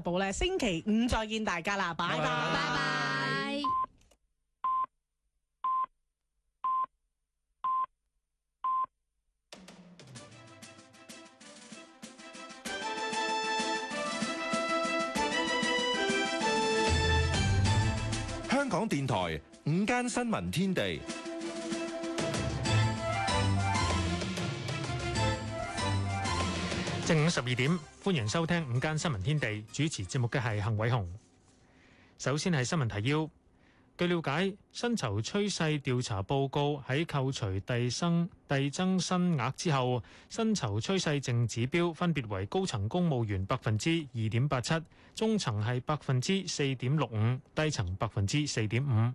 報咧，星期五再見大家啦，拜拜！香港電台午間新聞天地，正午十二點。歡迎收聽《午間新聞天地》，主持節目嘅係幸偉雄。首先係新聞提要。據了解，薪酬趨勢調查報告喺扣除遞生遞增薪額之後，薪酬趨勢淨指標分別為高層公務員百分之二點八七，中層係百分之四點六五，低層百分之四點五。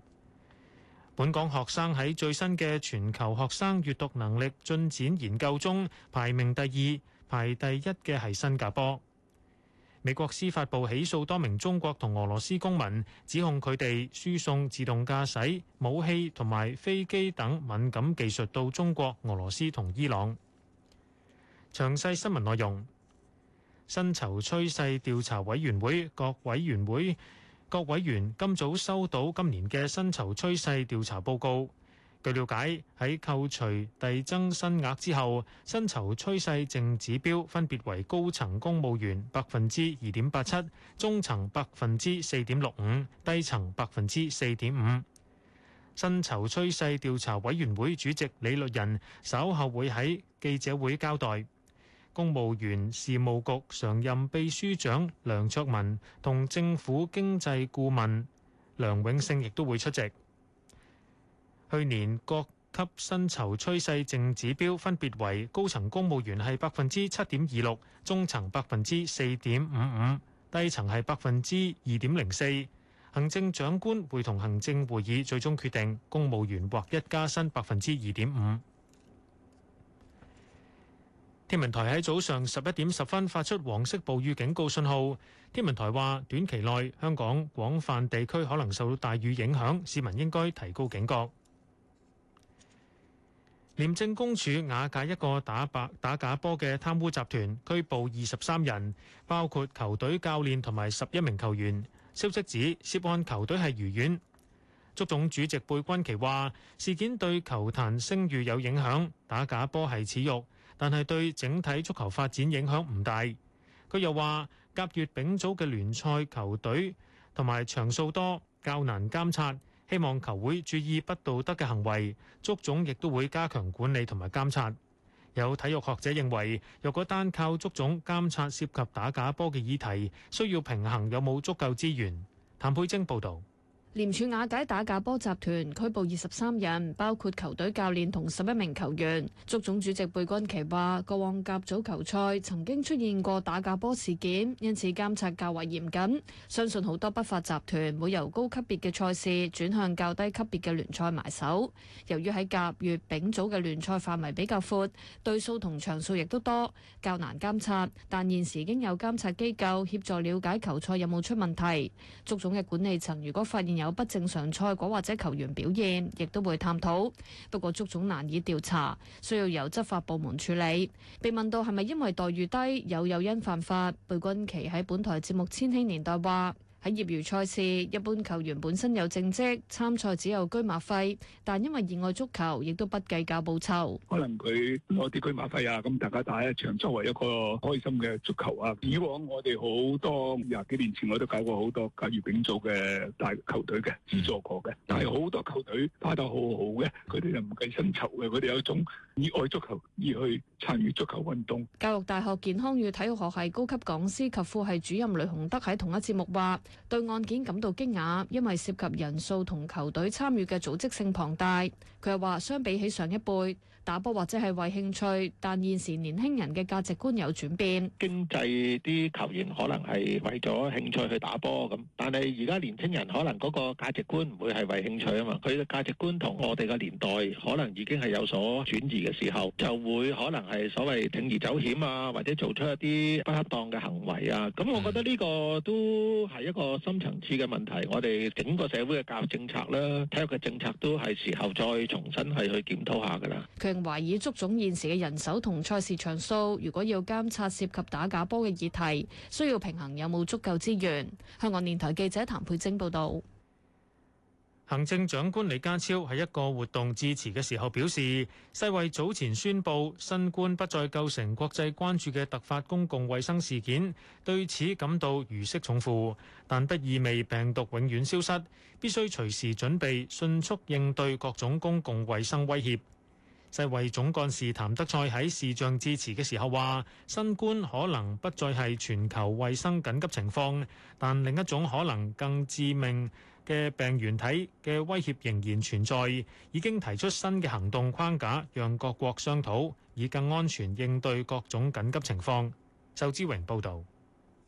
本港學生喺最新嘅全球學生閱讀能力進展研究中排名第二。排第一嘅係新加坡。美國司法部起訴多名中國同俄羅斯公民，指控佢哋輸送自動駕駛武器同埋飛機等敏感技術到中國、俄羅斯同伊朗。詳細新聞內容。薪酬趨勢調查委員會各委員會各委員今早收到今年嘅薪酬趨勢調查報告。據了解，喺扣除遞增薪額之後，薪酬趨勢正指標分別為高層公務員百分之二點八七，中層百分之四點六五，低層百分之四點五。薪酬趨勢調查委員會主席李律仁稍後會喺記者會交代。公務員事務局常任秘書長梁卓文同政府經濟顧問梁永勝亦都會出席。去年各級薪酬趨勢正指標分別為高層公務員係百分之七點二六，中層百分之四點五五，嗯嗯、低層係百分之二點零四。行政長官會同行政會議最終決定公務員獲一加薪百分之二點五。嗯、天文台喺早上十一點十分發出黃色暴雨警告信號。天文台話，短期內香港廣泛地區可能受到大雨影響，市民應該提高警覺。廉政公署瓦解一個打白打假波嘅貪污集團，拘捕二十三人，包括球隊教練同埋十一名球員。消息指涉案球隊係愉園。足總主席貝君奇話：事件對球壇聲譽有影響，打假波係恥辱，但係對整體足球發展影響唔大。佢又話：甲乙丙組嘅聯賽球隊同埋場數多，較難監察。希望球會注意不道德嘅行為，足總亦都會加強管理同埋監察。有體育學者認為，若果單靠足總監察涉及打假波嘅議題，需要平衡有冇足夠資源。譚佩晶報導。廉署瓦解打假波集團，拘捕二十三人，包括球隊教練同十一名球員。足總主席貝君奇話，過往甲組球賽曾經出現過打假波事件，因此監察較為嚴謹。相信好多不法集團會由高級別嘅賽事轉向較低級別嘅聯賽埋手。由於喺甲、乙、丙組嘅聯賽範圍比較闊，隊數同場數亦都多，較難監察。但現時已經有監察機構協助了解球賽有冇出問題。足總嘅管理層如果發現有，有不正常賽果或者球員表現，亦都會探討。不過，足總難以調查，需要由執法部門處理。被問到係咪因為待遇低，有誘因犯法，貝君奇喺本台節目《千禧年代》話：喺業餘賽事，一般球員本身有正職，參賽只有車馬費。但因為熱愛足球，亦都不計較報酬。可能佢攞啲車馬費啊，咁大家打一場，作為一個開心嘅足球啊。以往我哋好多廿幾年前，我都搞過好多甲乙丙組嘅大球隊嘅資助過嘅，但係好多球隊打得好好嘅，佢哋就唔計薪酬嘅，佢哋有一種熱愛足球而去參與足球運動。教育大學健康與體育學系高級講師及副系主任雷洪德喺同一節目話。對案件感到驚訝，因為涉及人數同球隊參與嘅組織性龐大。佢又話，相比起上一輩，打波或者係為興趣，但現時年輕人嘅價值觀有轉變。經濟啲球員可能係為咗興趣去打波，咁但係而家年輕人可能嗰個價值觀唔會係為興趣啊嘛。佢嘅價值觀同我哋嘅年代可能已經係有所轉移嘅時候，就會可能係所謂鋌而走險啊，或者做出一啲不恰當嘅行為啊。咁我覺得呢個都係一個深層次嘅問題，我哋整個社會嘅教育政策啦，體育嘅政策都係時候再重新係去檢討下噶啦。懷疑足總現時嘅人手同賽事場數，如果要監察涉及打假波嘅議題，需要平衡有冇足夠資源。香港電台記者譚佩晶報道。行政長官李家超喺一個活動致辭嘅時候表示，世衛早前宣布新冠不再構成國際關注嘅突發公共衛生事件，對此感到如釋重負，但不意味病毒永遠消失，必須隨時準備迅速應對各種公共衛生威脅。世衛總幹事譚德塞喺視像致辭嘅時候話，新冠可能不再係全球衛生緊急情況，但另一種可能更致命嘅病原體嘅威脅仍然存在。已經提出新嘅行動框架，讓各國商討，以更安全應對各種緊急情況。仇志榮報道。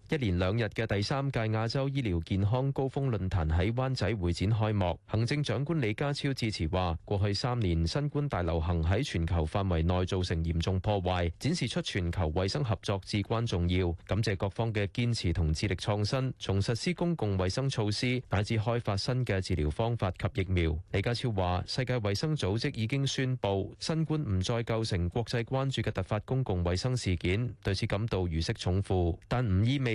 一連兩日嘅第三屆亞洲醫療健康高峰論壇喺灣仔會展開幕。行政長官李家超致辭話：過去三年，新冠大流行喺全球範圍內造成嚴重破壞，展示出全球衛生合作至關重要。感謝各方嘅堅持同致力創新，從實施公共衛生措施，乃至開發新嘅治療方法及疫苗。李家超話：世界衛生組織已經宣布，新冠唔再構成國際關注嘅突發公共衛生事件，對此感到如釋重負，但唔意味。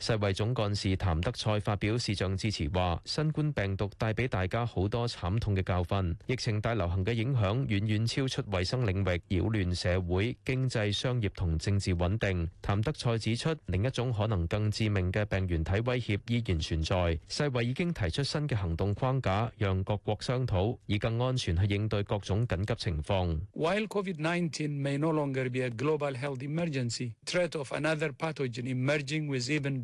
世衛總幹事譚德塞發表視像致辭，話：新冠病毒帶俾大家好多慘痛嘅教訓，疫情大流行嘅影響遠遠超出衛生領域，擾亂社會、經濟、商業同政治穩定。譚德塞指出，另一種可能更致命嘅病原體威脅依然存在。世衛已經提出新嘅行動框架，讓各國商討，以更安全去應對各種緊急情況。While COVID-19 may no longer be a global health emergency, threat of another pathogen emerging with even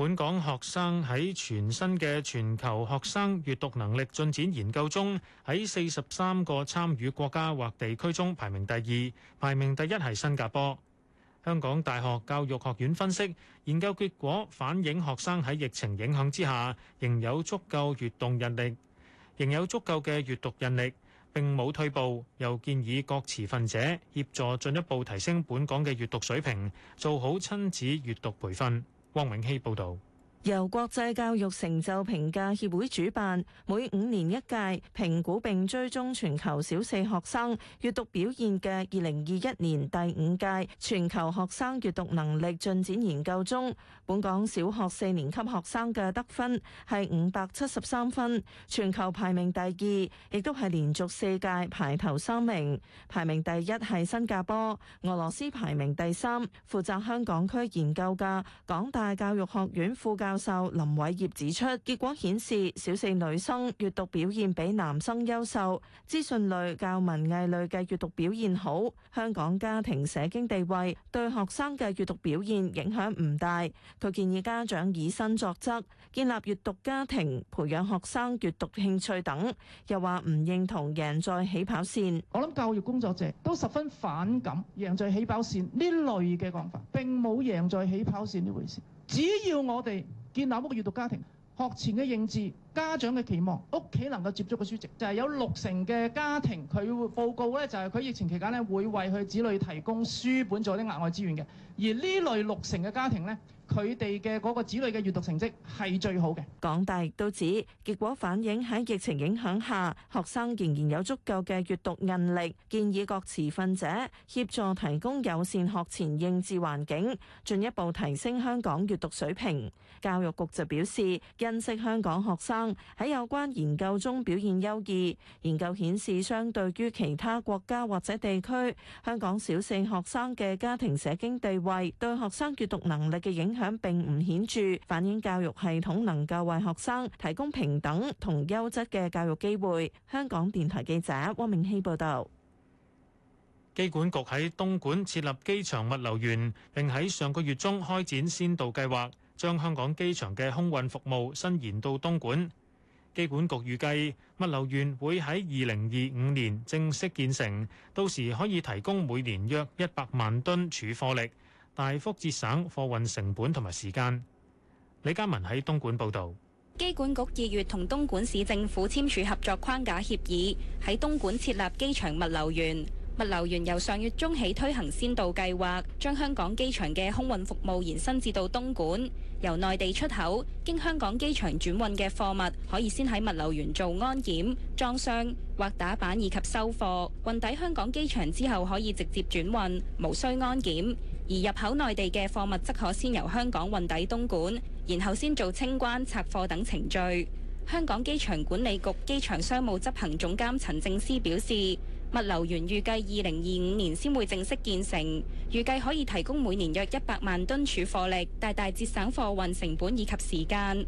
本港學生喺全新嘅全球學生閱讀能力進展研究中，喺四十三個參與國家或地區中排名第二，排名第一係新加坡。香港大學教育學院分析研究結果，反映學生喺疫情影響之下，仍有足夠閱讀韌力，仍有足夠嘅閱讀韌力，並冇退步。又建議各持份者協助進一步提升本港嘅閱讀水平，做好親子閱讀培訓。汪永熙報道。由國際教育成就評價協會主辦，每五年一屆，評估並追蹤全球小四學生閱讀表現嘅二零二一年第五屆全球學生閱讀能力進展研究中，本港小學四年級學生嘅得分係五百七十三分，全球排名第二，亦都係連續四屆排頭三名。排名第一係新加坡，俄羅斯排名第三。負責香港區研究嘅港大教育學院副教教授林偉業指出，結果顯示小四女生閱讀表現比男生優秀，資訊類較文藝類嘅閱讀表現好。香港家庭社經地位對學生嘅閱讀表現影響唔大。佢建議家長以身作則，建立閱讀家庭，培養學生閱讀興趣等。又話唔認同贏在起跑線。我諗教育工作者都十分反感贏在起跑線呢類嘅講法，並冇贏在起跑線呢回事。只要我哋。建立屋嘅閱讀家庭，學前嘅認知，家長嘅期望，屋企能夠接觸嘅書籍，就係有六成嘅家庭佢報告咧，就係佢疫情期間咧會為佢子女提供書本做啲額外資源嘅，而呢類六成嘅家庭咧。佢哋嘅嗰個子女嘅閱讀成績係最好嘅。港大亦都指結果反映喺疫情影響下，學生仍然有足夠嘅閱讀韌力。建議各持份者協助提供友善學前認字環境，進一步提升香港閱讀水平。教育局就表示，欣賞香港學生喺有關研究中表現優異。研究顯示，相對於其他國家或者地區，香港小四學生嘅家庭社經地位對學生閱讀能力嘅影響。響並唔顯著，反映教育系統能夠為學生提供平等同優質嘅教育機會。香港電台記者汪明希報導。機管局喺東莞設立機場物流園，並喺上個月中開展先導計劃，將香港機場嘅空運服務伸延到東莞。機管局預計物流園會喺二零二五年正式建成，到時可以提供每年約一百萬噸儲貨力。大幅節省貨運成本同埋時間。李家文喺東莞報道，機管局二月同東莞市政府簽署合作框架協議，喺東莞設立機場物流園。物流園由上月中起推行先導計劃，將香港機場嘅空運服務延伸至到東莞。由內地出口經香港機場轉運嘅貨物，可以先喺物流園做安檢、裝箱或打板，以及收貨，運抵香港機場之後，可以直接轉運，無需安檢。而入口內地嘅貨物則可先由香港運抵東莞，然後先做清關、拆貨等程序。香港機場管理局機場商務執行總監陳正思表示，物流園預計二零二五年先會正式建成，預計可以提供每年約一百萬噸儲貨力，大大節省貨運成本以及時間。二零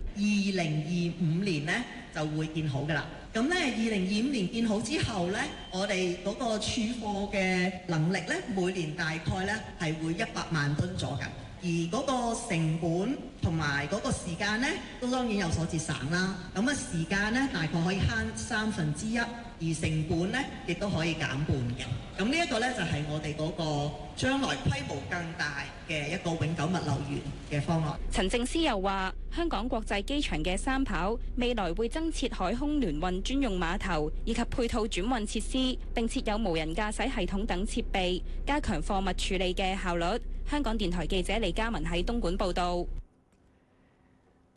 二五年呢，就會建好㗎啦。咁咧，二零二五年建好之後呢，我哋嗰個儲貨嘅能力呢，每年大概呢係會一百萬噸左右。而嗰個成本同埋嗰個時間咧，都當然有所節省啦。咁啊，時間呢，大概可以慳三分之一。而成本呢，亦都可以減半嘅。咁呢一個呢，就係、是、我哋嗰個將來規模更大嘅一個永久物流園嘅方案。陳政司又話，香港國際機場嘅三跑未來會增設海空聯運專用碼頭，以及配套轉運設施，並設有無人駕駛系統等設備，加強貨物處理嘅效率。香港電台記者李嘉文，喺東莞報道。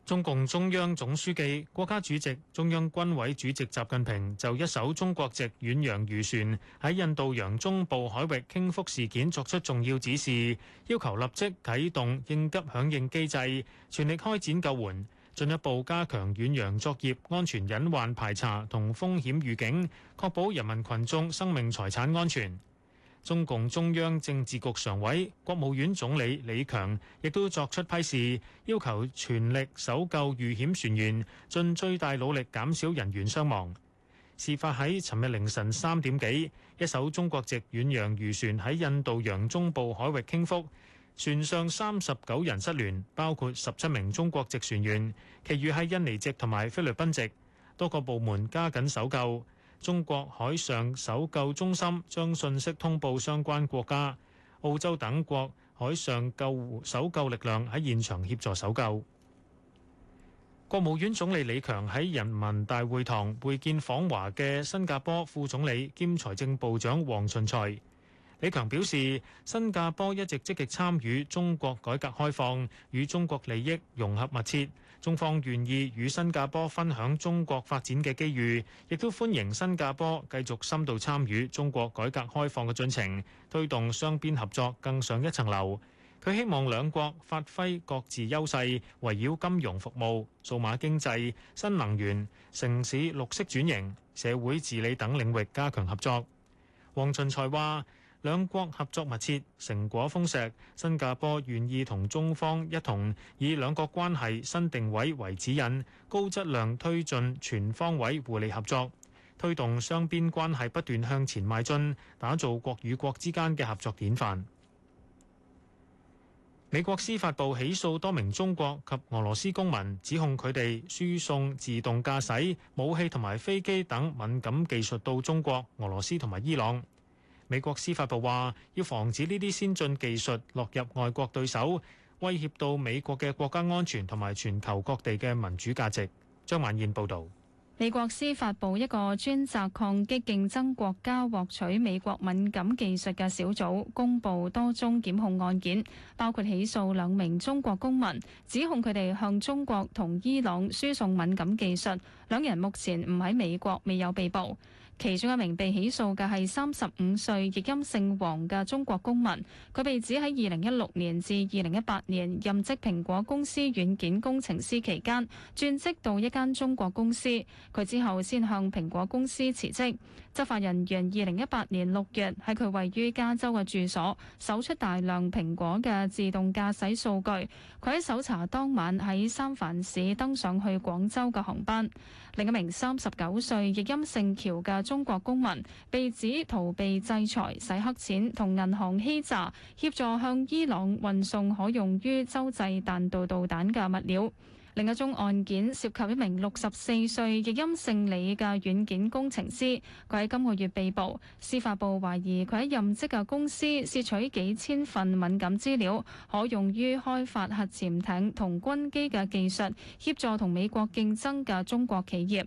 中共中央總書記、國家主席、中央軍委主席習近平就一艘中國籍遠洋漁船喺印度洋中部海域傾覆事件作出重要指示，要求立即啟動應急響應機制，全力開展救援，進一步加強遠洋作業安全隱患排查同風險預警，確保人民群眾生命財產安全。中共中央政治局常委、國務院總理李強亦都作出批示，要求全力搜救遇險船員，盡最大努力減少人員傷亡。事發喺尋日凌晨三點幾，一艘中國籍遠洋漁船喺印度洋中部海域傾覆，船上三十九人失聯，包括十七名中國籍船員，其餘係印尼籍同埋菲律賓籍。多個部門加緊搜救。中國海上搜救中心將信息通報相關國家、澳洲等國海上救援搜救力量喺現場協助搜救。國務院總理李強喺人民大會堂會見訪華嘅新加坡副總理兼財政部長黃循財。李強表示，新加坡一直積極參與中國改革開放，與中國利益融合密切。中方願意與新加坡分享中國發展嘅機遇，亦都歡迎新加坡繼續深度參與中國改革開放嘅進程，推動雙邊合作更上一層樓。佢希望兩國發揮各自優勢，圍繞金融服務、數碼經濟、新能源、城市綠色轉型、社會治理等領域加強合作。黃循財話。兩國合作密切，成果豐碩。新加坡願意同中方一同以兩國關係新定位為指引，高質量推進全方位互利合作，推動雙邊關係不斷向前邁進，打造國與國之間嘅合作典範。美國司法部起訴多名中國及俄羅斯公民，指控佢哋輸送自動駕駛、武器同埋飛機等敏感技術到中國、俄羅斯同埋伊朗。美國司法部話要防止呢啲先進技術落入外國對手，威脅到美國嘅國家安全同埋全球各地嘅民主價值。張萬燕報導。美國司法部一個專責抗擊競爭國家獲取美國敏感技術嘅小組，公布多宗檢控案件，包括起訴兩名中國公民，指控佢哋向中國同伊朗輸送敏感技術。兩人目前唔喺美國，未有被捕。其中一名被起訴嘅係三十五歲譯音姓王嘅中國公民，佢被指喺二零一六年至二零一八年任職蘋果公司軟件工程師期間轉職到一間中國公司，佢之後先向蘋果公司辭職。執法人員二零一八年六月喺佢位於加州嘅住所搜出大量蘋果嘅自動駕駛數據，佢喺搜查當晚喺三藩市登上去廣州嘅航班。另一名三十九歲譯音姓喬嘅中國公民被指逃避制裁、洗黑錢同銀行欺詐，協助向伊朗運送可用於洲際彈道導彈嘅物料。另一宗案件涉及一名六十四歲譯音姓李嘅軟件工程師，佢喺今個月被捕。司法部懷疑佢喺任職嘅公司竊取幾千份敏感資料，可用於開發核潛艇同軍機嘅技術，協助同美國競爭嘅中國企業。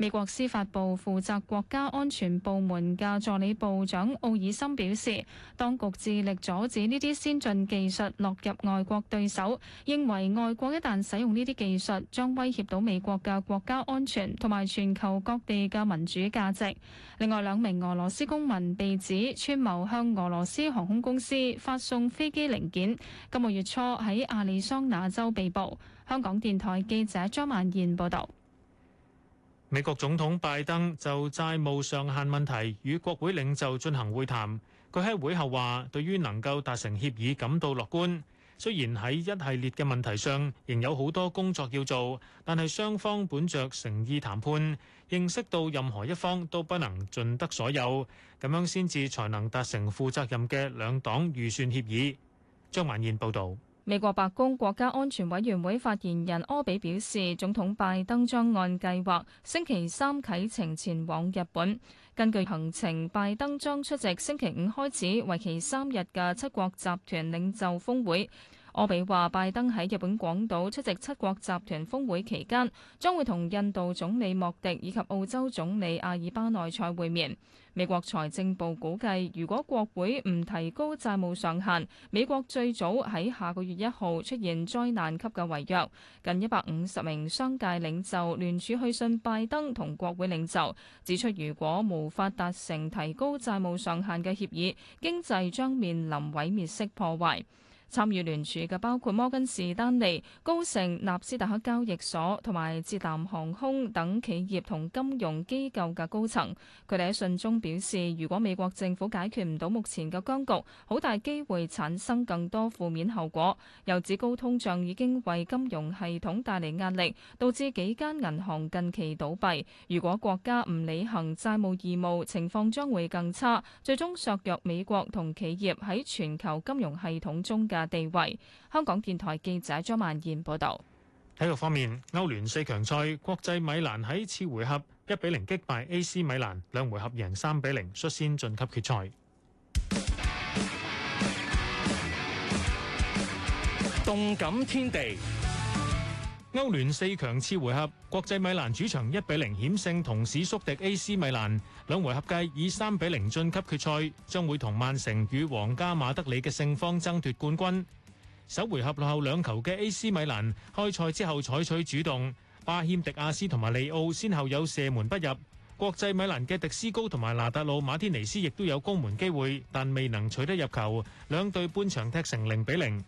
美國司法部負責國家安全部門嘅助理部長奧爾森表示，當局致力阻止呢啲先進技術落入外國對手，認為外國一旦使用呢啲技術，將威脅到美國嘅國家安全同埋全球各地嘅民主價值。另外兩名俄羅斯公民被指串謀向俄羅斯航空公司發送飛機零件，今個月初喺亞利桑那州被捕。香港電台記者張曼燕報道。美國總統拜登就債務上限問題與國會領袖進行會談。佢喺會後話：對於能夠達成協議感到樂觀。雖然喺一系列嘅問題上仍有好多工作要做，但係雙方本着誠意談判，認識到任何一方都不能盡得所有，咁樣先至才能達成負責任嘅兩黨預算協議。張萬燕報導。美國白宮國家安全委員會發言人柯比表示，總統拜登將按計劃星期三啟程前往日本。根據行程，拜登將出席星期五開始、為期三日嘅七國集團領袖峰會。柯比話：拜登喺日本廣島出席七國集團峰會期間，將會同印度總理莫迪以及澳洲總理阿爾巴內塞會面。美國財政部估計，如果國會唔提高債務上限，美國最早喺下個月一號出現災難級嘅違約。近一百五十名商界領袖聯署去信拜登同國會領袖，指出如果無法達成提高債務上限嘅協議，經濟將面臨毀滅式破壞。參與聯署嘅包括摩根士丹利、高盛、納斯達克交易所同埋捷藍航空等企業同金融機構嘅高層，佢哋喺信中表示，如果美國政府解決唔到目前嘅僵局，好大機會產生更多負面後果。又指高通脹已經為金融系統帶嚟壓力，導致幾間銀行近期倒閉。如果國家唔履行債務義務，情況將會更差，最終削弱美國同企業喺全球金融系統中嘅地位，香港電台記者張曼燕報道。體育方面，歐聯四強賽，國際米蘭喺次回合一比零擊敗 A.C. 米蘭，兩回合贏三比零，0, 率先晉級決賽。動感天地。歐聯四強次回合，國際米蘭主場一比零險勝同市宿敵 AC 米蘭，兩回合計以三比零晉級決賽，將會同曼城與皇家馬德里嘅勝方爭奪冠軍。首回合落後兩球嘅 AC 米蘭開賽之後採取主動，巴謙迪亞斯同埋利奧先後有射門不入，國際米蘭嘅迪斯高同埋拿達路馬天尼斯亦都有攻門機會，但未能取得入球，兩隊半場踢成零比零。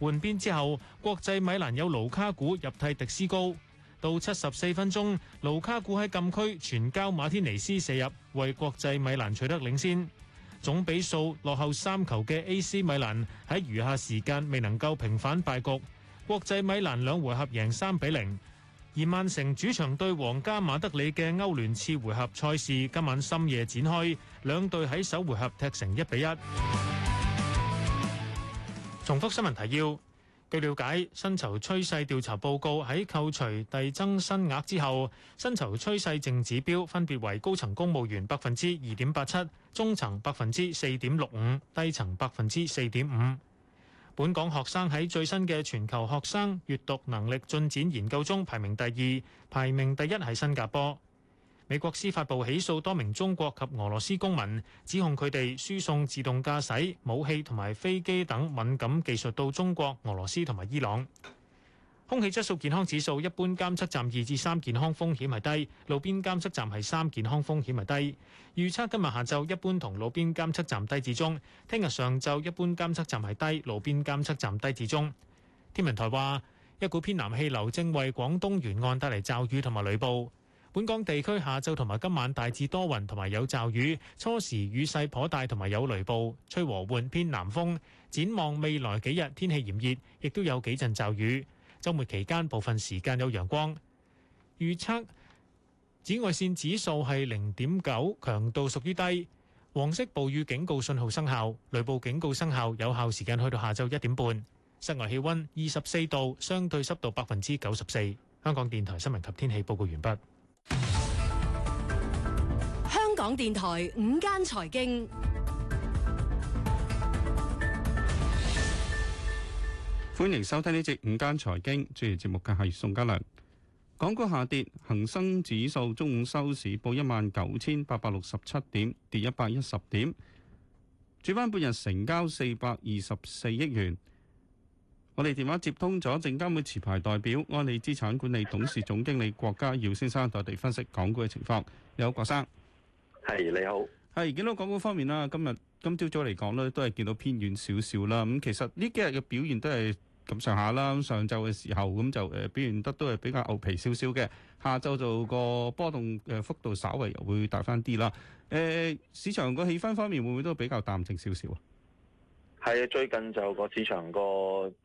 換邊之後，國際米蘭有盧卡古入替迪斯高。到七十四分鐘，盧卡古喺禁區傳交馬天尼斯射入，為國際米蘭取得領先。總比數落後三球嘅 AC 米蘭喺餘下時間未能夠平反敗局。國際米蘭兩回合贏三比零。而曼城主場對皇家馬德里嘅歐聯次回合賽事今晚深夜展開，兩隊喺首回合踢成一比一。重複新聞提要。據了解，薪酬趨勢調查報告喺扣除遞增薪額之後，薪酬趨勢淨指標分別為高層公務員百分之二點八七，中層百分之四點六五，低層百分之四點五。本港學生喺最新嘅全球學生閱讀能力進展研究中排名第二，排名第一係新加坡。美國司法部起訴多名中國及俄羅斯公民，指控佢哋輸送自動駕駛、武器同埋飛機等敏感技術到中國、俄羅斯同埋伊朗。空氣質素健康指數一般監測站二至三健康風險係低，路邊監測站係三健康風險係低。預測今日下晝一般同路邊監測站低至中，聽日上晝一般監測站係低，路邊監測站低至中。天文台話，一股偏南氣流正為廣東沿岸帶嚟驟雨同埋雷暴。本港地區下晝同埋今晚大致多雲，同埋有驟雨。初時雨勢頗大，同埋有雷暴，吹和緩偏南風。展望未來幾日，天氣炎熱，亦都有幾陣驟雨。週末期間部分時間有陽光。預測紫外線指數係零點九，強度屬於低。黃色暴雨警告信號生效，雷暴警告生效，有效時間去到下晝一點半。室外氣温二十四度，相對濕度百分之九十四。香港電台新聞及天氣報告完畢。港電台午間財經，歡迎收聽呢節午間財經，主持節目嘅係宋家良。港股下跌，恒生指數中午收市報一萬九千八百六十七點，跌一百一十點。主板半日成交四百二十四億元。我哋電話接通咗證監會持牌代表安利資產管理董事總經理郭家耀先生，代地分析港股嘅情況。有郭生。係你好，係見到港股方面啦，今日今朝早嚟講咧，都係見到偏軟少少啦。咁其實呢幾日嘅表現都係咁上下啦。咁上晝嘅時候咁就誒表現得都係比較牛皮少少嘅，下晝就個波動嘅幅度稍微又會大翻啲啦。誒、欸，市場個氣氛方面會唔會都比較淡靜少少啊？係啊，最近就個市場個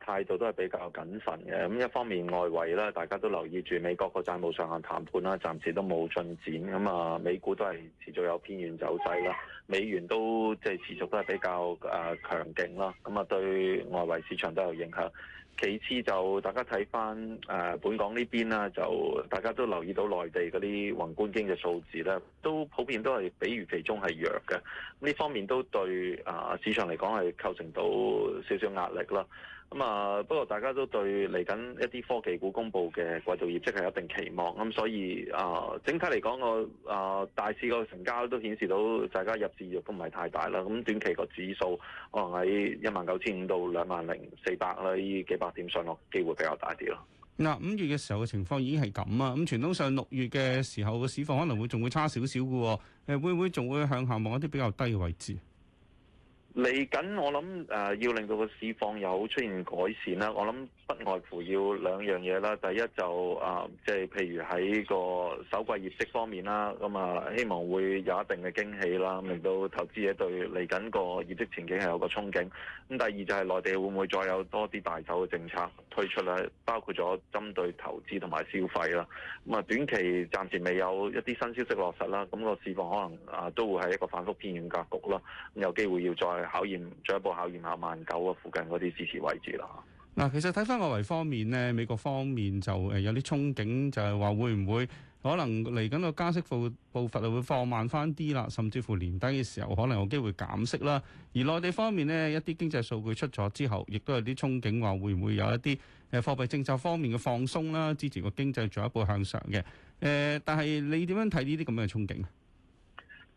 態度都係比較謹慎嘅。咁一方面外圍啦，大家都留意住美國個債務上限談判啦，暫時都冇進展。咁啊，美股都係持續有偏遠走勢啦。美元都即係持續都係比較誒強勁咯，咁啊對外圍市場都有影響。其次就大家睇返誒本港呢邊啦，就大家都留意到內地嗰啲宏觀經濟數字咧，都普遍都係比預期中係弱嘅。呢方面都對啊市場嚟講係構成到少少壓力啦。咁啊、嗯，不過大家都對嚟緊一啲科技股公布嘅季度業績係一定期望，咁、嗯、所以啊、呃，整體嚟講個啊大市個成交都顯示到大家入市熱都唔係太大啦。咁短期個指數可能喺一萬九千五到兩萬零四百啦，呢幾百點上落機會比較大啲咯。嗱，五月嘅時候嘅情況已經係咁啊，咁傳統上六月嘅時候個市況可能會仲會差少少嘅，誒會唔會仲會向下望一啲比較低嘅位置？嚟緊，我諗誒要令到個市況有出現改善啦。我諗不外乎要兩樣嘢啦。第一就啊、是，即、呃、係、就是、譬如喺個首季業績方面啦，咁啊希望會有一定嘅驚喜啦，令到投資者對嚟緊個業績前景係有個憧憬。咁第二就係內地會唔會再有多啲大手嘅政策推出咧？包括咗針對投資同埋消費啦。咁啊短期暫時未有一啲新消息落實啦，咁個市況可能啊都會係一個反覆偏軟格局啦。咁有機會要再考驗進一步考驗下萬九嘅附近嗰啲支持位置啦。嗱，其實睇翻外圍方面咧，美國方面就誒有啲憧憬，就係話會唔會可能嚟緊個加息步步伐會放慢翻啲啦，甚至乎年底嘅時候可能有機會減息啦。而內地方面咧，一啲經濟數據出咗之後，亦都有啲憧憬，話會唔會有一啲誒貨幣政策方面嘅放鬆啦，支持個經濟進一步向上嘅。誒，但係你點樣睇呢啲咁嘅憧憬？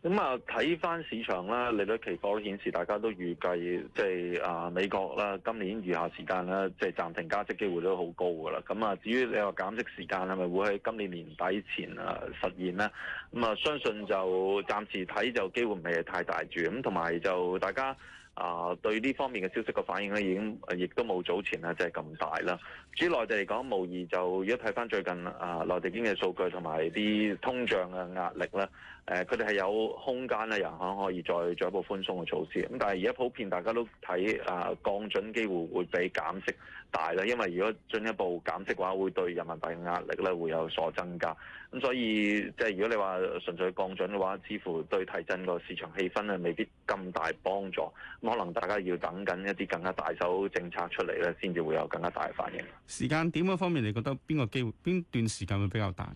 咁啊，睇翻市場啦，利率期貨顯示大家都預計，即係啊美國啦，今年餘下時間啦，即係暫停加息機會都好高噶啦。咁啊，至於你話減息時間係咪會喺今年年底前啊實現咧？咁啊，相信就暫時睇就機會唔係太大住咁，同埋就大家。啊，對呢方面嘅消息嘅反應咧，已經亦都冇早前啊，即係咁大啦。至於內地嚟講，無疑就如果睇返最近啊，內地經濟數據同埋啲通脹嘅壓力咧，誒、啊，佢哋係有空間啊，有可能可以再做一步寬鬆嘅措施。咁、嗯、但係而家普遍大家都睇啊，降準機會會被減息大啦，因為如果進一步減息嘅話，會對人民幣嘅壓力咧會有所增加。咁所以即係如果你話純粹降準嘅話，似乎對提振個市場氣氛咧未必咁大幫助。咁可能大家要等緊一啲更加大手政策出嚟咧，先至會有更加大嘅反應。時間點嗰方面，你覺得邊個機會、邊段時間會比較大？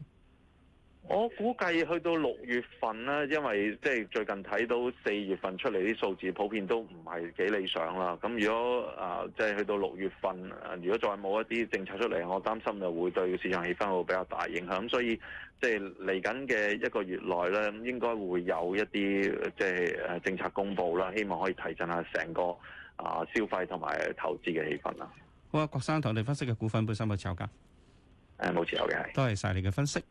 我估計去到六月份啦，因為即係最近睇到四月份出嚟啲數字普遍都唔係幾理想啦。咁如果啊，即係去到六月份，如果再冇一啲政策出嚟，我擔心就會對市場氣氛會比較大影響。咁所以即係嚟緊嘅一個月內咧，應該會有一啲即係政策公布啦，希望可以提振下成個啊消費同埋投資嘅氣氛啦。好啊，郭生同你分析嘅股份本身有冇持有㗎？呃，冇持有嘅，係。多謝晒你嘅分析。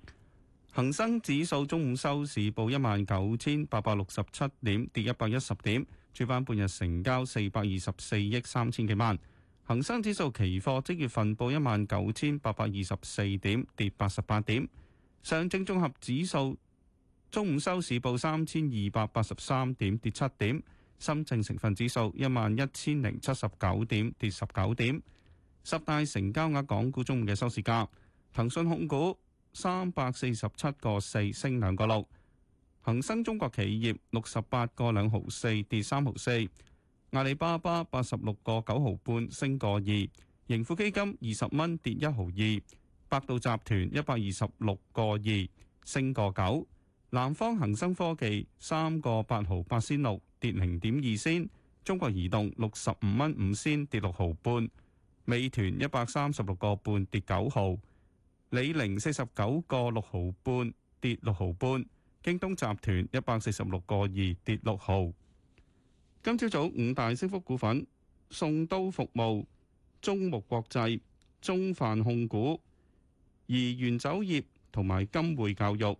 恒生指數中午收市報一萬九千八百六十七點，跌一百一十點。主板半日成交四百二十四億三千幾萬。恒生指數期貨即月份報一萬九千八百二十四點，跌八十八點。上證綜合指數中午收市報三千二百八十三點，跌七點。深證成分指數一萬一千零七十九點，跌十九點。十大成交額港股中午嘅收市價，騰訊控股。三百四十七個四升兩個六，恒生中國企業六十八個兩毫四跌三毫四，阿里巴巴八十六個九毫半升個二，盈富基金二十蚊跌一毫二，百度集團一百二十六個二升個九，南方恒生科技三個八毫八仙六跌零點二仙，中國移動六十五蚊五仙跌六毫半，美團一百三十六個半跌九毫。李寧四十九個六毫半跌六毫半，京東集團一百四十六個二跌六毫。今朝早五大升幅股份：宋都服務、中牧國際、中泛控股；而原酒業同埋金匯教育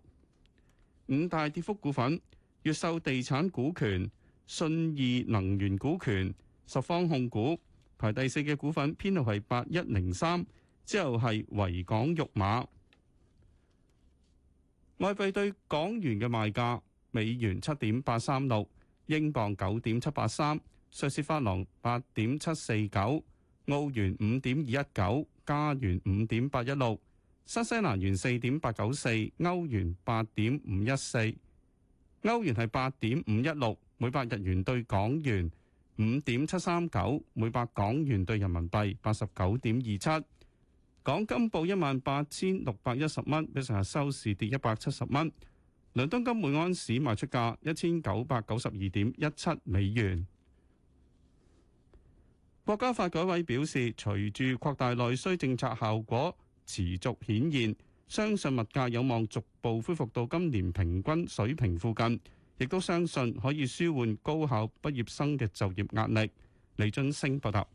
五大跌幅股份：越秀地產股權、信義能源股權、十方控股。排第四嘅股份編號係八一零三。之後係維港玉馬外幣對港元嘅賣價：美元七點八三六，英鎊九點七八三，瑞士法郎八點七四九，澳元五點二一九，加元五點八一六，新西蘭元四點八九四，歐元八點五一四，歐元係八點五一六，每百日元對港元五點七三九，每百港元對人民幣八十九點二七。港金報一萬八千六百一十蚊，比上日收市跌一百七十蚊。倫敦金每盎司賣出價一千九百九十二點一七美元。國家發改委表示，隨住擴大內需政策效果持續顯現，相信物價有望逐步恢復到今年平均水平附近，亦都相信可以舒緩高校畢業生嘅就業壓力。李俊升報道。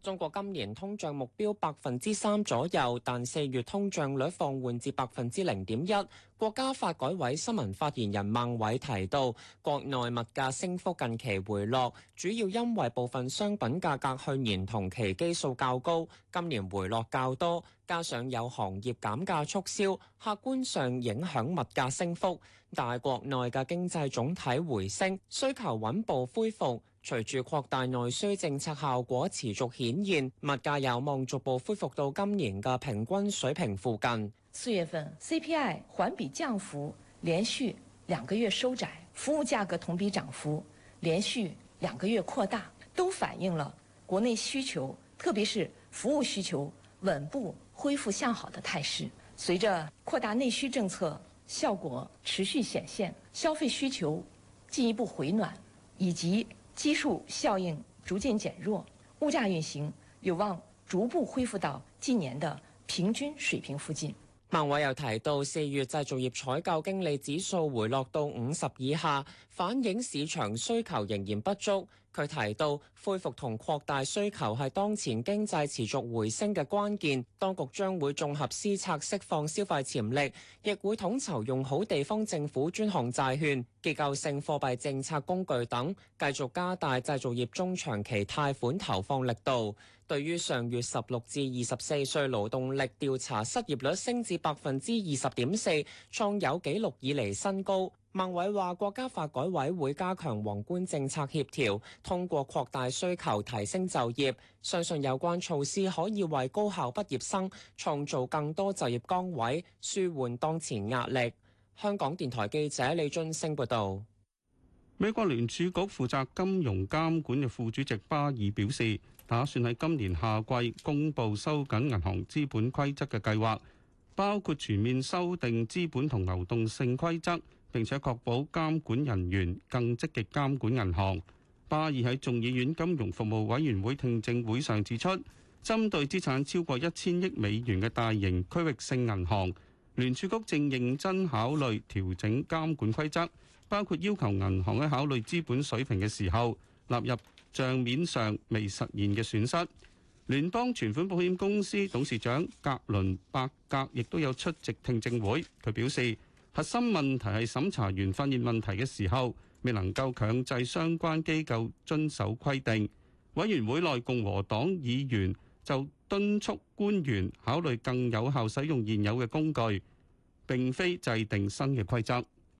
中國今年通脹目標百分之三左右，但四月通脹率放緩至百分之零點一。國家發改委新聞發言人孟偉提到，國內物價升幅近期回落，主要因為部分商品價格去年同期基數較高，今年回落較多，加上有行業減價促銷，客觀上影響物價升幅。但係國內嘅經濟總體回升，需求穩步恢復。隨住擴大內需政策效果持續顯現，物價有望逐步恢復到今年嘅平均水平附近。四月份 CPI 環比降幅連續兩個月收窄，服務價格同比漲幅連續兩個月擴大，都反映了國內需求，特別是服務需求穩步恢復向好的態勢。隨着擴大內需政策效果持續顯現，消費需求進一步回暖，以及基數效應逐漸減弱，物價運行有望逐步恢復到近年的平均水平附近。孟偉又提到，四月製造業採購經理指數回落到五十以下，反映市場需求仍然不足。佢提到，恢復同擴大需求係當前經濟持續回升嘅關鍵，當局將會綜合施策釋放消費潛力，亦會統籌用好地方政府專項債券、結構性貨幣政策工具等，繼續加大製造業中長期貸款投放力度。對於上月十六至二十四歲勞動力調查失業率升至百分之二十點四，創有紀錄以嚟新高。孟偉話：國家發改委會加強宏觀政策協調，通過擴大需求提升就業，相信有關措施可以為高校畢業生創造更多就業崗位，舒緩當前壓力。香港電台記者李俊升報導。美國聯儲局負責金融監管嘅副主席巴爾表示，打算喺今年夏季公布收緊銀行資本規則嘅計劃，包括全面修訂資本同流動性規則，並且確保監管人員更積極監管銀行。巴爾喺眾議院金融服務委員會聽證會上指出，針對資產超過一千億美元嘅大型區域性銀行，聯儲局正認真考慮調整監管規則。包括要求銀行喺考慮資本水平嘅時候，納入帳面上未實現嘅損失。聯邦存款保險公司董事長格倫伯格亦都有出席聽證會。佢表示，核心問題係審查員發現問題嘅時候，未能夠強制相關機構遵守規定。委員會內共和黨議員就敦促官員考慮更有效使用現有嘅工具，並非制定新嘅規則。